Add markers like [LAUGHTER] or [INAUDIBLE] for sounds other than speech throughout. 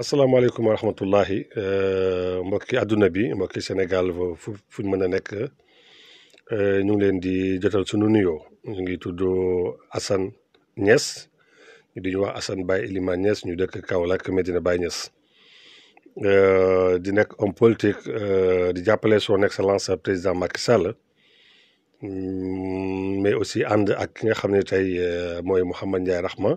asalaamaaleykum wa rahmatullahi euh, mbokki àdduna bi mbokki Sénégal fu fuñ mën a nekk euh, ñu ngi leen di jotal suñu nuyoo ñu ngi tudd Assane ñes ñu di ñu wax Assane Baye Elimane Niass ñu dëkk Kaolack Medina Baye Niass euh, di nekk homme politique di jàppale son excellence président Macky Sall mm, mais aussi and ak ki nga xam ne tey mooy Mouhamed Ndiaye Rahma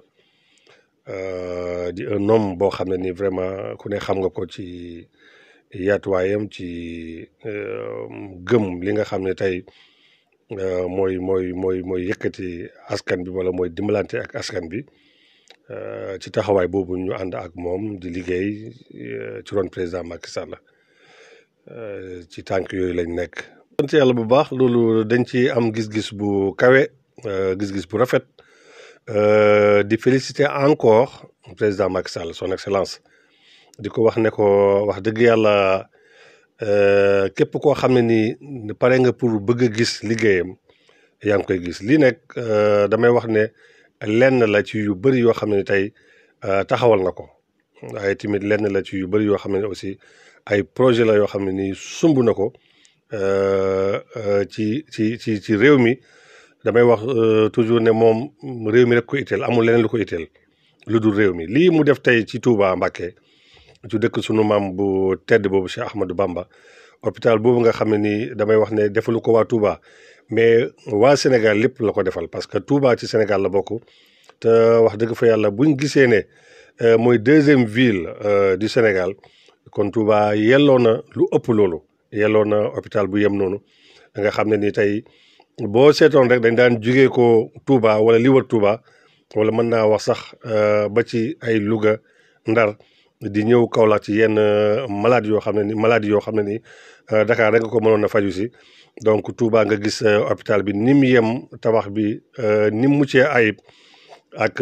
Euh, di un homme boo xam ne ni vraiment ku ne xam nga ko ci yaatuwaayam ci euh, gëm li nga xam ne tey euh, mooy mooy mooy mooy yëkkati askan bi wala mooy dimbalante ak askan bi ci taxawaay boobu ñu ànd ak moom di liggéey ci ron président Macky Sall ci tànk yooyu lañ nekk. sant yàlla bu baax loolu dañ ci am gis-gis bu kawe gis-gis bu rafet. Euh, di féliciter encore président Macky Sall son excellence di ko wax ne ko wax dëgg yàlla euh, képp koo xam ne ni pare nga pour bëgg gis liggéeyam yaa ngi koy gis lii nag euh, damay wax ne lenn la ci yu bëri yoo xam ne tey taxawal na ko waaye tamit lenn la ci yu bëri yoo xam ne aussi ay projet la yoo xam ne nii sumb na ko ci ci ci ci réew mi. damay wax euh, toujours ne moom réew mi rek ko itteel amul leneen lu ko itteel lu dul réew mi lii mu def tey ci Touba Mbacké ci dëkk sunu maam bu tedd boobu Cheikh Ahmadou Bamba hôpital boobu nga xam ne nii damay wax ne defalu ko waa Touba mais waa Sénégal lépp la ko defal parce que Touba ci Sénégal la bokk te wax dëgg fa yàlla buñ gisee ne euh, mooy deuxième ville euh, du Sénégal kon Touba yelloo na lu ëpp loolu yelloo na hôpital bu yem noonu nga xam ni tey boo seetoon rek dañ daan jugee ko Touba wala li wër Touba wala mën naa wax sax euh, ba ci ay Louga Ndar di ñëw Kaolack ci yenn euh, maladies yoo xam ne ni maladies yoo xam ne ni euh, Dakar da nga ko mënoon a faju si donc Touba nga gis hôpital bi ni mu yem tabax bi ni mu muccee ayib ak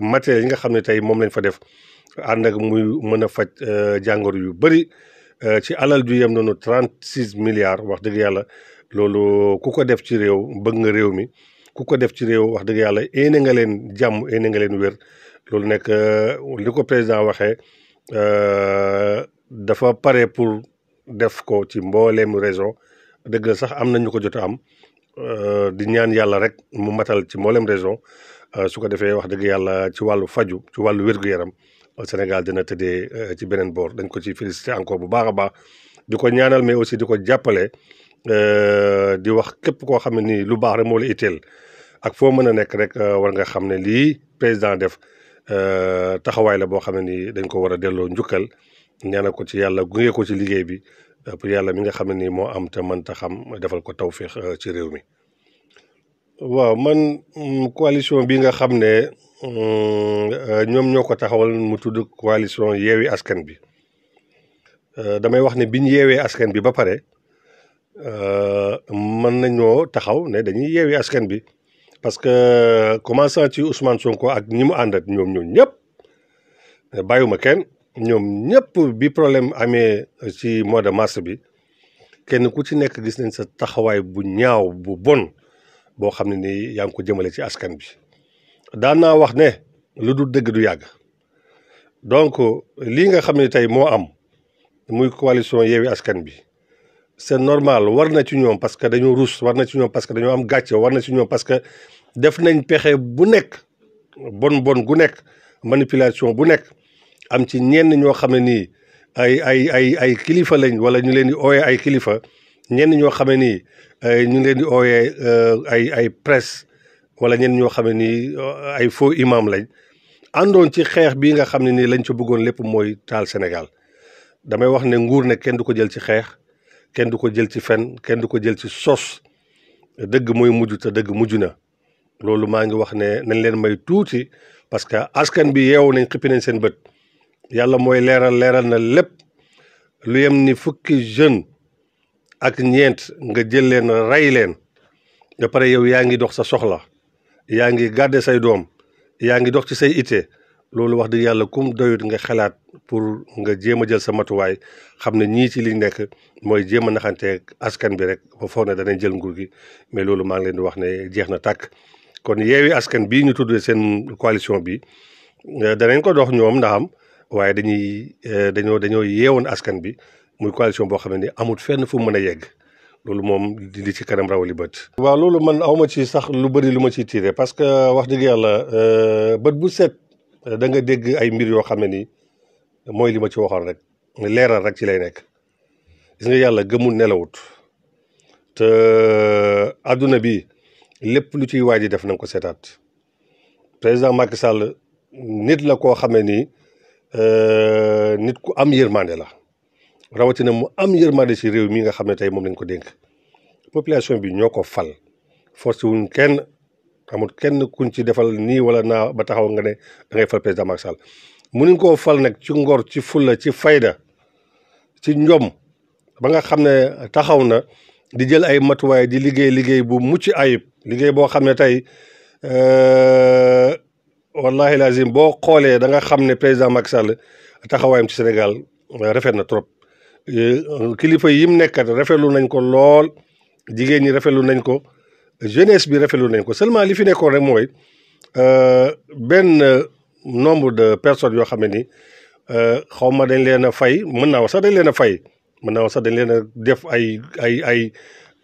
matériels yi nga xam ne tey moom lañ fa def ànd ak muy mën a faj jàngoro yu bëri ci alal ju yem noonu trente six milliards wax dëgg yàlla loolu ku ko def ci réew bëgg nga réew mi ku ko def ci réew wax dëgg yàlla yéene nga leen jàmm yéene nga leen wér loolu nekk euh, li ko président waxee euh, dafa pare pour def ko ci mbooleem région dëgg sax am nañ ñu ko jot a am euh, di ñaan yàlla rek mu matal ci mbooleem région su ko defee wax dëgg yàlla ci wàllu faju ci wàllu wér-gu-yaram Sénégal dina tëddee ci beneen boor dañ ko ci félicité encore bu baax a baax di ko ñaanal mais aussi di ko jàppale Euh, di wax képp koo xam ne nii lu baax rek moo la itteel ak foo mën a nekk rek euh, war nga xam ne lii président def euh, taxawaay la boo xam ne nii dañ ko war a delloo njukkal ñaanal ko ci yàlla gunge ko ci liggéey bi pour yàlla mi nga xam ne nii moo am te mënta xam defal ko tawféex ci réew mi. waaw man mm, coalition bi nga xam ne mm, ñoom ñoo ko taxawal mu tudd coalition yeewi askan bi damay wax ne biñ yeewee askan bi ba pare. Euh, mën nañoo taxaw ne dañuy yeewi askan bi parce que commençant ci Ousmane Sonko ak ñi mu ànd ak ñoom ñoom ñëpp bàyyuma kenn ñoom ñëpp bi problème amee ci mois de mars bi kenn ku ci nekk gis nañ sa taxawaay bu ñaaw bu bon boo xam ne nii yaa ngi ko jëmale ci askan bi daan naa wax ne lu dul dëgg du yàgg donc lii nga xam ne tey moo am muy coalition yeewi askan bi c'est normal war na ci ñoom parce que dañoo ruus war na ci ñoom parce que dañoo am gàcce war na ci ñoom parce que def nañ pexe bu nekk bon bon gu nekk manipulation bu nekk am ci ñenn ñoo xam ne nii ay ay ay ay kilifa lañ wala ñu leen di ooyee ay kilifa ñenn ñoo xam ne nii ñu ngi leen di ooyee euh, ay ay presse wala ñenn ñoo xam ne nii euh, ay faux imam lañ àndoon ci xeex bii nga xam ne nii lañ ci bëggoon lépp mooy taal Sénégal damay wax ne nguur ne kenn du ko jël ci xeex. kenn du ko jël ci fen kenn du ko jël ci soos dëgg mooy mujj te dëgg mujj na loolu maa ngi wax ne nañ leen may tuuti parce que askan bi yeewu nañ xippi nañ seen bët yàlla mooy leeral leeral na lépp lu yem ni fukki jeune ak ñeent nga jël leen rey leen nga pare yow yaa ngi dox sa soxla yaa ngi gàdde say doom yaa ngi dox ci say ite loolu wax dëgg yàlla kum doyut nga xalaat pour nga jéem a jël sa matuwaay xam na ñii ci li nekk mooy jéem a naxanteeg askan bi rek ba foog ne danañ jël nguur gi mais loolu maa ngi leen di wax ne jeex na tàkk kon yeewi askan bii ñu tuddee seen coalition bi eh, danañ ko dox ñoom ndax am waaye dañuy eh, dañoo dañoo yeewoon askan bi muy coalition boo xam ne ni amut fenn fu mën a yegg loolu moom di ci kanam rawali bët. waa loolu man awma ci sax lu bëri lu ma ciy tiire parce que wax dëgg yàlla eh, bët bu set. Euh, da nga dégg ay mbir yoo xam ne ni mooy li ma ci waxoon rek leeral rek ci lay nekk gis nga yàlla gëmul nelawut te àdduna euh, bi lépp lu ciy waaj def na ko seetaat président Macky Sall nit la koo xamee ni euh, nit ku am yërmande la rawatina mu am yërmande si réew mi nga xam ne tey moom lañ ko dénk population bi ñoo ko fal force wuñ amul kenn kuñ ci defal nii wala naa ba taxaw nga ne da ngay fal président Macky Sall mënuñ koo fal nag ci ngor ci fulla ci fayda ci njom ba nga xam ne taxaw na di jël ay matuwaay di liggéey liggéey bu mucc ayib liggéey boo xam ne tey euh, wallahi lazim boo xoolee da nga xam ne président Macky Sall taxawaayam ci Sénégal euh, rafet na trop euh, kilifa yim nekkat rafetlu nañ ko lool jigéen ñi rafetlu nañ ko jeunesse bi rafetlu nañ ko seulement li fi nekkoon rek mooy euh, benn nombre de personnes yoo xam ne ni euh, xaw ma dañ leen a fay mën naa wax sax dañ leen a fay mën naa wax sax dañ leen a def ay ay ay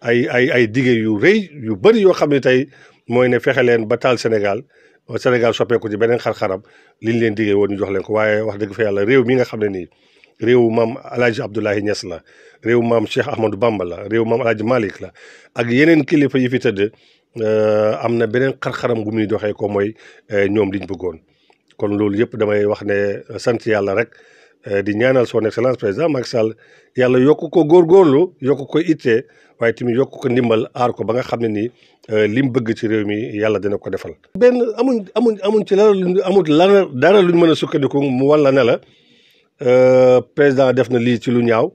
ay ay ay dige yu rëy yu bëri yoo xam ne tey mooy ne fexe leen ba taal Sénégal Sénégal soppeeku ci beneen xar-xaram li ñu leen digee woon ñu jox leen ko waaye wax dëgg fa yàlla réew mi nga xam ne nii réewu maam El Hadj Abdoulaye Niass la réewu maam Cheikh Ahmadou Bamba la réewu maam El Hadj la ak yeneen kilifa yi fi tëdd euh, am na beneen xar-xaram bu muy doxee ko mooy euh, ñoom liñ bëggoon. kon loolu yëpp damay wax ne euh, sant yàlla rek di ñaanal son excellence président Macky Sall yàlla yokk ko góorgóorlu yokk ko ite waaye tamit yokk ko ndimbal aar ko ba nga xam ne nii li mu bëgg ci réew mi yàlla dina ko defal. benn amuñ amuñ amuñ ci lan luñ mën a sukkandiku mu walla ne la. Euh, président def na lii ci lu ñaaw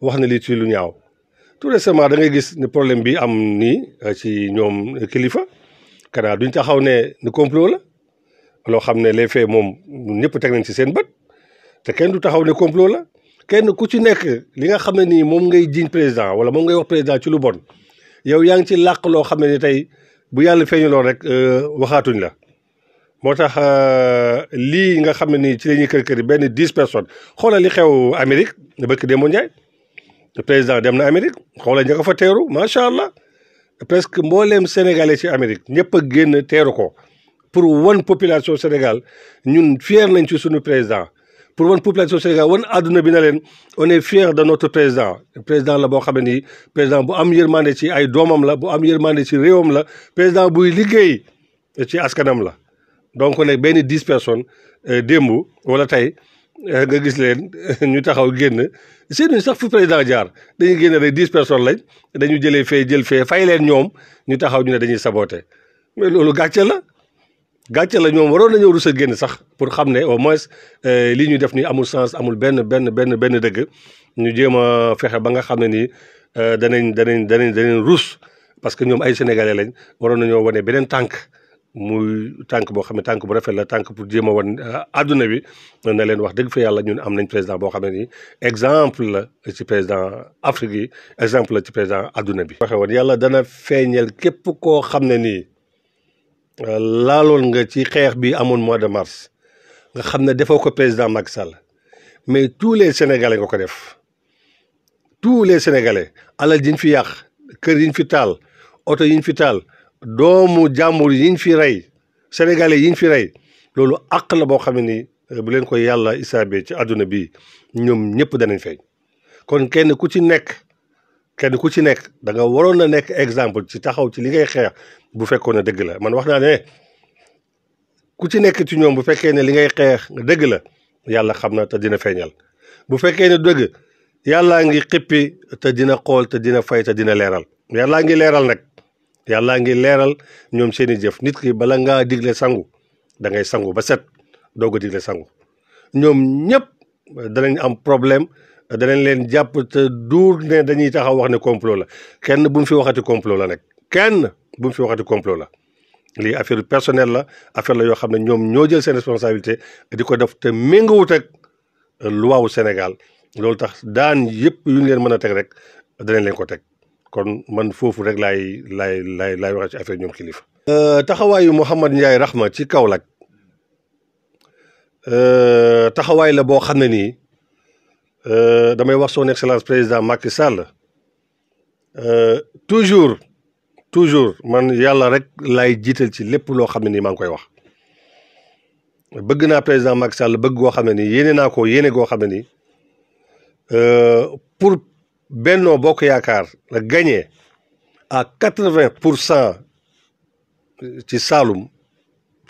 wax na lii ci lu ñaaw tout récemment da ngay gis ni problème bi am nii euh, ci ñoom kilifa kanaa duñ taxaw ne ni complot la loo xam ne lay faits moom ñëpp teg nañ ci seen bët te kenn du taxaw ne complot la kenn ku ci nekk li nga xam ne nii moom ngay jiñ président wala moom ngay wax président ci lu bon yow yaa ngi ci làq loo xam ne ni tey bu yàlla feeñu lool rek euh, waxaatuñ la moo tax euh, lii nga xam ne nii ci la ñuy kër kër yi benn dix personnes xoolal li xew Amérique ne bëkk Demba Ndiaye le président dem na Amérique xoolal ña ko fa teeru macha allah presque mbooleem sénégalais ci Amérique ñëpp génn teeru ko pour wan population Sénégal ñun fier nañ ci suñu président. pour wan population Sénégal wan àdduna bi na leen on est fier de notre président président la boo xam ne nii président bu am yërmande ci ay doomam la boo am yërmande ci réewam la président buy liggéey ci askanam la. donc nag benn dix personnes euh, démb wala tey euh, nga gis leen [LAUGHS] ñu taxaw génn seetluñ sax fu président jaar dañuy génn rek dix personnes lañ dañu jëlee fee jël fee fay leen ñoom ñu taxaw ñu ne dañuy saboté mais loolu gàcce la gàcce la ñoom waroon nañoo rus a génn sax pour xam ne au moins euh, li ñu def nii amul sens amul benn benn benn benn dëgg ñu jéem a fexe ba nga xam ne nii danañ danañ danañ danañ rus parce que ñoom ay sénégalais lañ waroon nañoo wane beneen tànk. muy tànk boo xam ne tànk bu rafet la tànk pour jéem a wan euh, adduna bi na leen wax dëgg fa yàlla ñun am nañ président boo xam ne nii exemple la ci président Afrique yi exemple la ci président adduna bi. waxe woon yàlla dana feeñal képp koo xam ne nii euh, laaloon nga ci xeex bi amoon mois de mars nga xam ne defoo ko président Macky Sall mais tous les sénégalais nga ko def tous les sénégalais alal jiñ fi yàq kër yi ñu fi taal oto yiñ fi taal. doomu jàmbur yiñ fi rey sénégalais yiñ fi rey loolu ak la boo xam ne ni euh, bu leen ko yàlla isaabe ci àdduna bi ñoom ñëpp danañ feeñ kon kenn ku ci nekk kenn ku ci nekk danga waroon a nekk exemple ci taxaw ci li ngay xeex bu fekkoon ne dëgg la man wax naa ne ku ci nekk ci ñoom bu fekkee ne li ngay xeex dëgg la yàlla xam na te dina feeñal bu fekkee ne dëgg yàllaa ngi xippi te dina xool te dina fay te dina leeral yàllaa ngi leeral nag yàllaa ngi leeral ñoom seeni jëf nit ki bala ngaa digle sangu dangay sangu ba set doo a digle sangu ñoom ñëpp danañ am problème danañ leen jàpp te duur ne dañuy taxaw wax ne complot la kenn bu mu fi waxati complot la nag kenn bu mu fi waxati complot la lii affaire personnelle la affaire la yoo xam ne ñoom ñoo jël seen responsabilité di ko def te teg ak luwaawu Sénégal loolu tax daan yëpp yu ñu leen mën a teg rek danañ leen ko teg kon man foofu rek lay lay lay laay wax ci affaire ñoom kilifa. Euh, taxawaayu Mouhamad Ndiaye Rahma ci kaw Kaolack euh, taxawaay la boo xam ne nii euh, damay wax son excellence président Macky Sall toujours toujours man yàlla rek laay jiital ci lépp loo xam ne nii maa ngi koy wax bëgg naa président Macky Sall bëgg goo xam ne nii yéene naa ko yéene goo xam ne nii Benno Bokk Yaakaar la gagné à quatre-vingts pour cent ci Saalum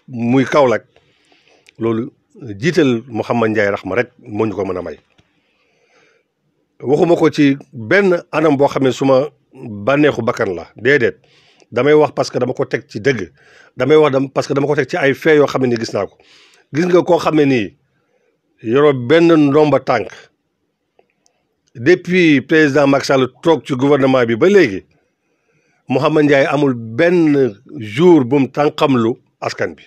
muy Kaolack loolu jiital Mouhamad rax ma rek moo ñu ko mën a may waxuma ko ci benn anam boo xam ne suma banneexu bakkan la déedéet damay wax parce que dama ko teg ci dëgg damay wax dam parce que dama ko teg ci ay fee yoo xam ne gis naa ko gis nga koo xam ne nii yoroo benn ndomba tànk depuis président Macky Sall toog ci gouvernement bi ba léegi Mouhamed Ndiaye amul benn jour bu mu lu askan bi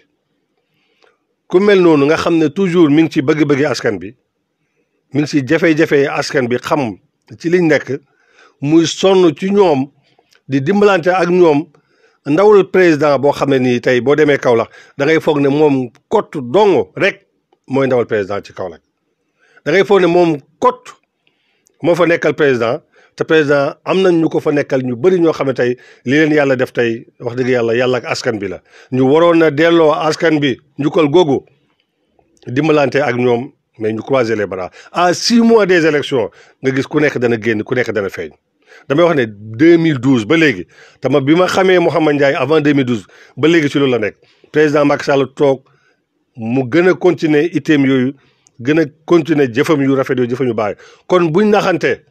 ku mel noonu nga xam ne toujours mi ngi ci bëgg-bëgg askan bi mi ngi ci jafe-jafe askan bi xam ci liñ nekk muy sonn ci ñoom di dimbalante ak ñoom ndawal président boo xam ne nii tey boo demee Kaolack dangay foog ne moom kott dong rek mooy ndawal président ci Kaolack da foog ne moom kott moo fa nekkal président te président am nañ ñu ko fa nekkal ñu bëri ñoo xam ne tey li leen yàlla def tey wax dëgg yàlla yàlla ak askan bi la ñu waroon na delloo askan bi njukkal googu dimbalante ak ñoom mais ñu croiser les bras à six mois des élections nga gis ku nekk dana génn ku nekk dana feeñ damay wax ne deux douze ba léegi tama bi ma xamee Mouhamed Ndiaye avant 2012 ba léegi ci loolu la nekk président Macky Sall toog mu gën a continuer itéem yooyu gën a continuer jëfam yu rafet yooyu jëfam yu baax kon buñ naxante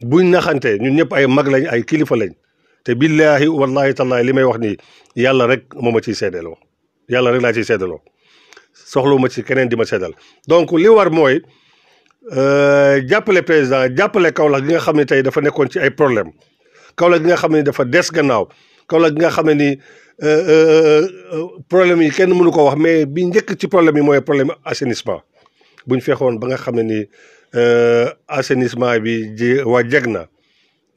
buñ naxante ñun ñëpp ay mag lañ ay kilifa lañ te billahi wallahi tallahi li may wax nii yàlla rek moom ma ciy seedeeloo yàlla rek laa ciy seedeeloo soxla ma ci keneen di ma seedal donc li war mooy euh, jàppale président jàppale Kaolack gi nga xam ne tey dafa nekkoon ci ay problème Kaolack gi nga xam ne dafa des gannaaw Kaolack gi nga xam ne ni euh, euh, problème yi kenn mënu ko wax mais bi njëkk ci problème yi mooy problème assainissement bu ñu fexoon ba nga xam ne ni euh, assainissement bi ji waa jeg na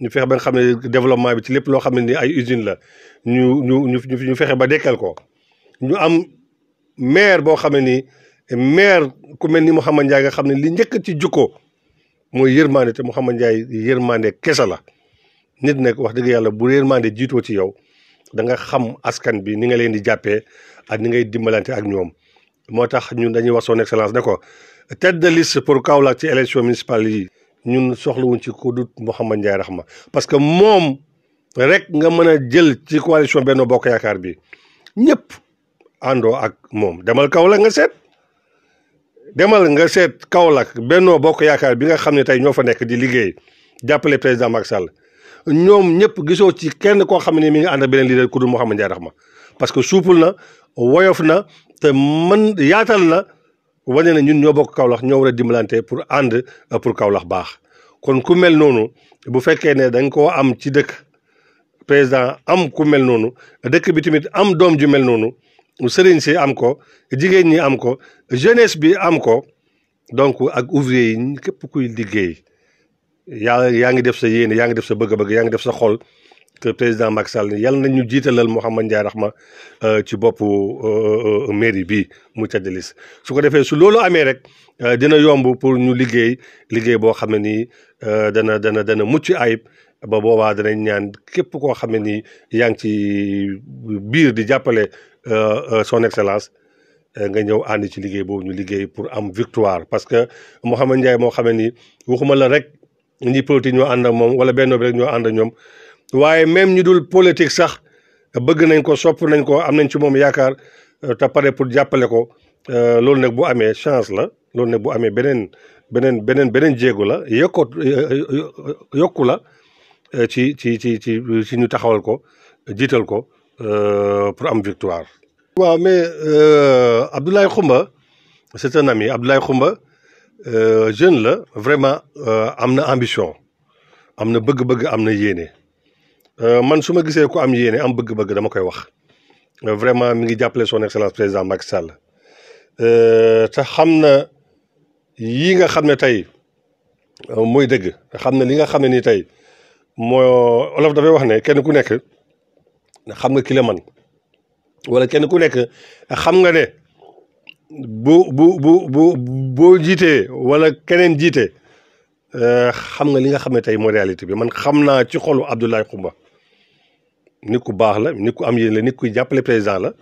ñu fexe ba nga xam ne développement bi ci lépp loo xam ne ni ay usine la ñu ñu ñu ñu ñu fexe ba dekkal ko ñu am maire boo xam ne ni maire ku mel ni Mouhamed Ndiaye nga xam ne li njëkk ci jukko mooy yërmande te Mouhamed Ndiaye yërmande kese la nit nag wax dëgg yàlla bu yërmande jiitoo ci yow danga xam askan bi ni nga leen di jàppee ak ni ngay dimbalante ak ñoom moo tax ñun dañuy wax son excellence ne tête de liste pour Kaolack ci élection municipale yi ñun soxlawuñ ci ku dut Mouhamed Ndiaye Rahma parce que moom rek nga mën a jël ci coalition Benno Bokk Yaakaar bi ñëpp àndoo ak moom demal Kaolack nga seet demal nga seet Kaolack Benno Bokk Yaakaar bi nga xam ne tey ñoo fa nekk di liggéey jàppale président Macky Sall ñoom ñëpp gisoo ci kenn koo xam ni mi nga ànd ak beneen leader ku dul Mouhamed Ndiaye Rahma parce que suupul na woyof na te mën yaatal na wane na ñun ñoo bokk kawlax ñoo war a dimbalante pour ànd euh, pour kawlax baax kon ku mel noonu bu fekkee ne da nga koo am ci dëkk président am ku mel noonu dëkk bi tamit am doom ju mel noonu sëriñ si am ko jigéen ñi am ko jeunesse bi am ko donc ak ouvrier yi képp kuy liggéey yaa yaa ngi def sa yéene yaa ngi def sa bëgg-bëgg yaa ngi def sa xol président Macky Sall yal na ñu jiitalal Mouhamed Ndiaye Rahma euh, ci boppu euh, euh, mairie bi mu ca su ko defee su loolu amee rek dina yomb pour ñu liggéey liggéey boo xam ne nii dana dana dana mucc ayib ba boobaa danañ ñaan képp koo xam ne nii yaa ngi ci biir di jàppale son excellence nga ñëw ànd ci liggéey boobu ñu liggéey pour am victoire parce que Mouhamed Ndiaye moo xam ne nii waxuma la rek ñi politique ñu ànd ak moom wala benn bi rek ñoo ànd ñoom. waaye même ñu dul politique sax bëgg nañ ko sopp nañ ko am nañ ci moom yaakaar euh, te pare pour jàppale ko euh, loolu nag bu amee chance la loolu nag bu amee beneen beneen beneen beneen jéego la yokko euh, yokku la ci ci ci ci ci ñu taxawal ko jiital ko pour am victoire. waaw mais Abdoulaye Khoumba c'est un ami Abdoulaye Khoumba jeune la vraiment am na ambition am na bëgg-bëgg am na yéene. Euh, man su ma gisee ko am yéene am bëgg-bëgg dama koy wax euh, vraiment mi ngi jàppale son excellence président Macky Sall euh, te xam na yii nga xam ne tey mooy dëgg xam na li nga xam ne nii tey moo olof dafay wax ne kenn ku nekk xam nga ki man wala kenn ku nekk xam nga ne bu bu bu bu boo jiitee wala keneen jiite xam nga li nga xam ne tey mooy réalité bi man xam naa ci xolu Abdoulaye Khoumba nit ku baax la nit ku am yéen la nit kuy jàppale président la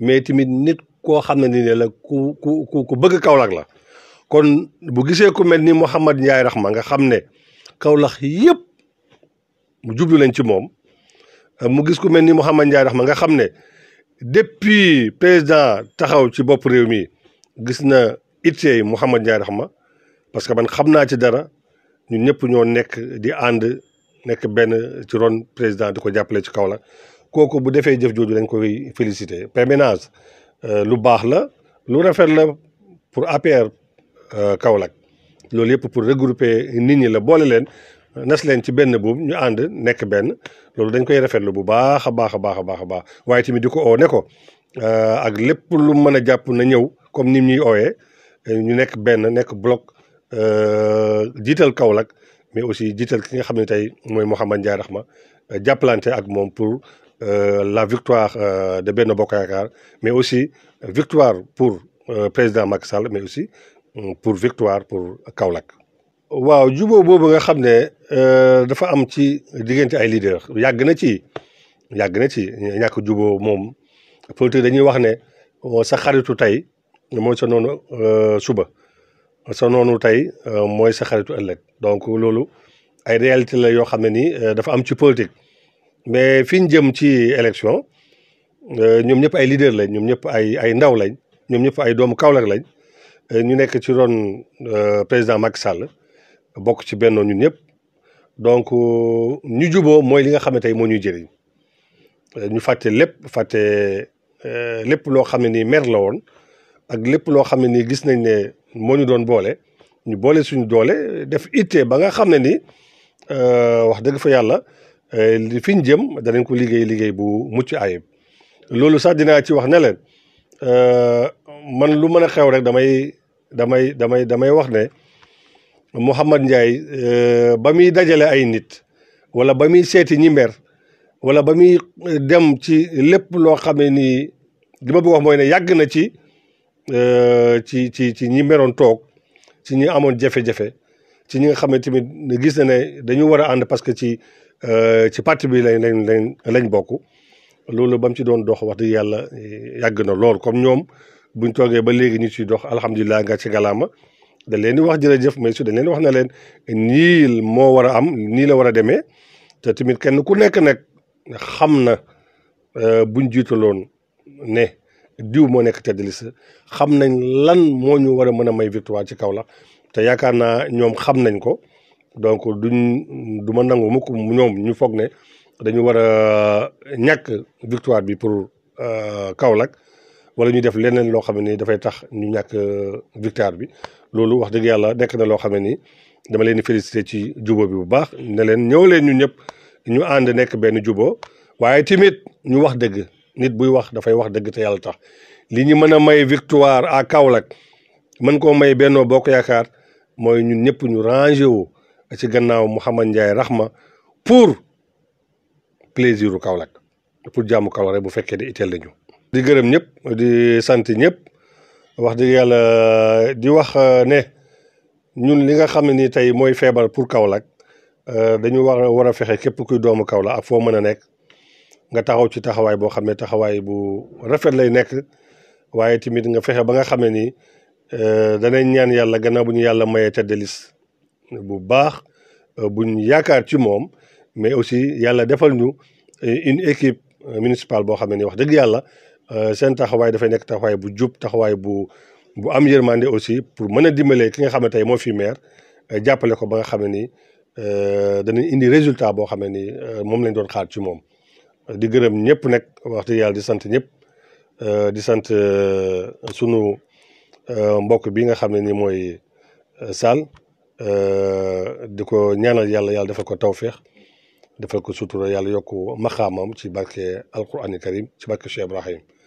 mais tamit nit koo xam ne ni ne ku ku ku ku bëgg Kaolack la kon gisee ku mel ni Mouhamed Ndiaye Rahma nga xam ne Kaolack yëpp mu jublu lañ ci moom euh, mu gis ku mel ni Mouhamed Ndiaye Rahma nga xam ne depuis président taxaw ci bopp réew mi gis na ittey Mouhamed Ndiaye Rahma parce que man xam naa ci dara ñun ñëpp ñoo nekk di ànd nekk benn ci ron président di ko jàppale ci kaw la kooku bu defee jëf jooju dañ koy félicité Péménage euh, lu baax la lu rafet la pour APR euh, Kaolack loolu yëpp pour regrouper nit ñi la boole leen nes leen ci benn buum ñu ànd nekk benn loolu dañ koy rafetlu bu baax a baax a baax a baax a baax waaye tamit di ko oo ne ko euh, ak lépp lu mën a jàpp na ñëw comme ni ñuy ooyee ñu nekk benn nekk bloc jiital Kaolack mais aussi jiital ki nga xam ne tey mooy Mouhamed Ndiaye Rahma euh, jàppalante ak moom pour euh, la victoire euh, de benn Bokk mais aussi victoire pour président Macky Sall mais aussi pour victoire pour Kaolack. waaw jubo boobu nga xam ne dafa am ci diggante ay leader yàgg na ci yàgg na ci ñàkk jubóo moom politique dañuy wax ne sa xaritu tey mooy sa noonu suba. sa noonu tey euh, mooy sa xaritu ëllëg donc loolu ay réalité la yoo xam ne nii euh, dafa am ci politique mais fi ñu jëm ci élection euh, ñoom ñëpp ay leader lañ ñoom ñëpp ay ay ndaw lañ ñoom ñëpp ay doomu Kaolack lañ ñu nekk ci ron président mac Sall bokk ci benn ñun ñëpp donc ñu juboo mooy li nga xam ne tey moo ñuy jëriñ ñu fàtte lépp fàtte lépp loo xam ne nii mer la woon ak lépp loo xam ne nii gis nañ ne moo ñu doon boole ñu boole suñu doole def ittee ba nga xam ne ni euh, wax dëgg fa yàlla euh, li fi ñu jëm danañ ko liggéey liggéey bu mucc ayib. loolu sax dinaa ci wax ne leen euh, man lu mën a xew rek damay damay damay damay wax ne Mouhamad Ndiaye ba muy dajale ay nit wala ba muy seeti ñi mer wala ba muy dem ci lépp loo xam ne nii li ma bëgg wax mooy ne yàgg na ci. Euh, ci ci ci ñi meroon toog ci ñi amoon jafe-jafe ci ñi nga xam ne tamit gis ne ne dañu war a ànd parce que ci euh, ci parti bi lañ lañ lañ bokk loolu ba ci doon dox wax dëgg yàlla eh, yàgg na lool comme ñoom buñ toogee ba léegi ñu ciy dox alhamdulilah nga ci galaama dañ leen di wax jërëjëf mais su dañ leen wax na leen nii moo war a am nii la war a demee te tamit kenn ku nekk nag xam na euh, buñ jiito jiitaloon ne diw moo nekk tête de xam nañ lan moo ñu war a mën a may victoire ci Kaolack te yaakaar naa ñoom xam nañ ko donc duñ du ma nangu mukk ñoom ñu foog ne dañu war a ñàkk victoire bi pour kaw euh, Kaolack wala ñu def leneen loo xam ne ni dafay tax ñu ñàkk euh, victoire bi loolu wax dëgg yàlla nekk na loo xam ne ni dama leen di félicité ci jubo bi bu baax ne leen ñëw leen ñu ñëpp ñu ànd nekk benn jubo waaye tamit ñu wax dëgg nit buy wax dafay wax dëgg te yàlla tax li ñu mën a may victoire à Kaolack mën koo may Benno Bokk Yaakaar mooy ñun ñëpp ñu rangé wu ci gannaaw Mouhamad Ndiaye Rahma pour plaisir u Kaolack pour jàmmu Kaolack rek bu fekkee di itteel lañu di gërëm ñëpp di sant ñëpp wax dëgg yàlla di wax euh, ne ñun li nga xam ne nii tey mooy feebar pour Kaolack euh, dañu war a war a fexe képp kuy doomu Kaolack ak foo mën a nekk nga taxaw ci taxawaay boo xam ne taxawaay bu rafet lay nekk waaye tamit nga fexe ba nga xam ne ni euh, danañ ñaan yàlla gannaaw bu ñu yàlla mayee tête de liste bu baax euh, buñ yaakaar ci moom mais aussi yàlla defal ñu euh, une équipe municipale boo xam ne ni wax dëgg yàlla seen taxawaay dafay nekk taxawaay bu jub taxawaay bu bu am yërmande aussi pour mën a dimbalee ki nga xam ne tey moo fi maire jàppale ko ba nga xam ne ni danañ indi résultat boo xam ne ni moom lañ doon xaar ci moom di gërëm ñëpp nag waxtu dëgg yàlla di sant ñëpp euh, di sant euh, sunu euh, mbokk bi nga xam ne ni mooy Sall di ko ñaanal yàlla yàlla defal ko tawféex defal ko sutura yàlla yokk maxaamam ci barke alqurani karim ci barke Cheikh Ibrahim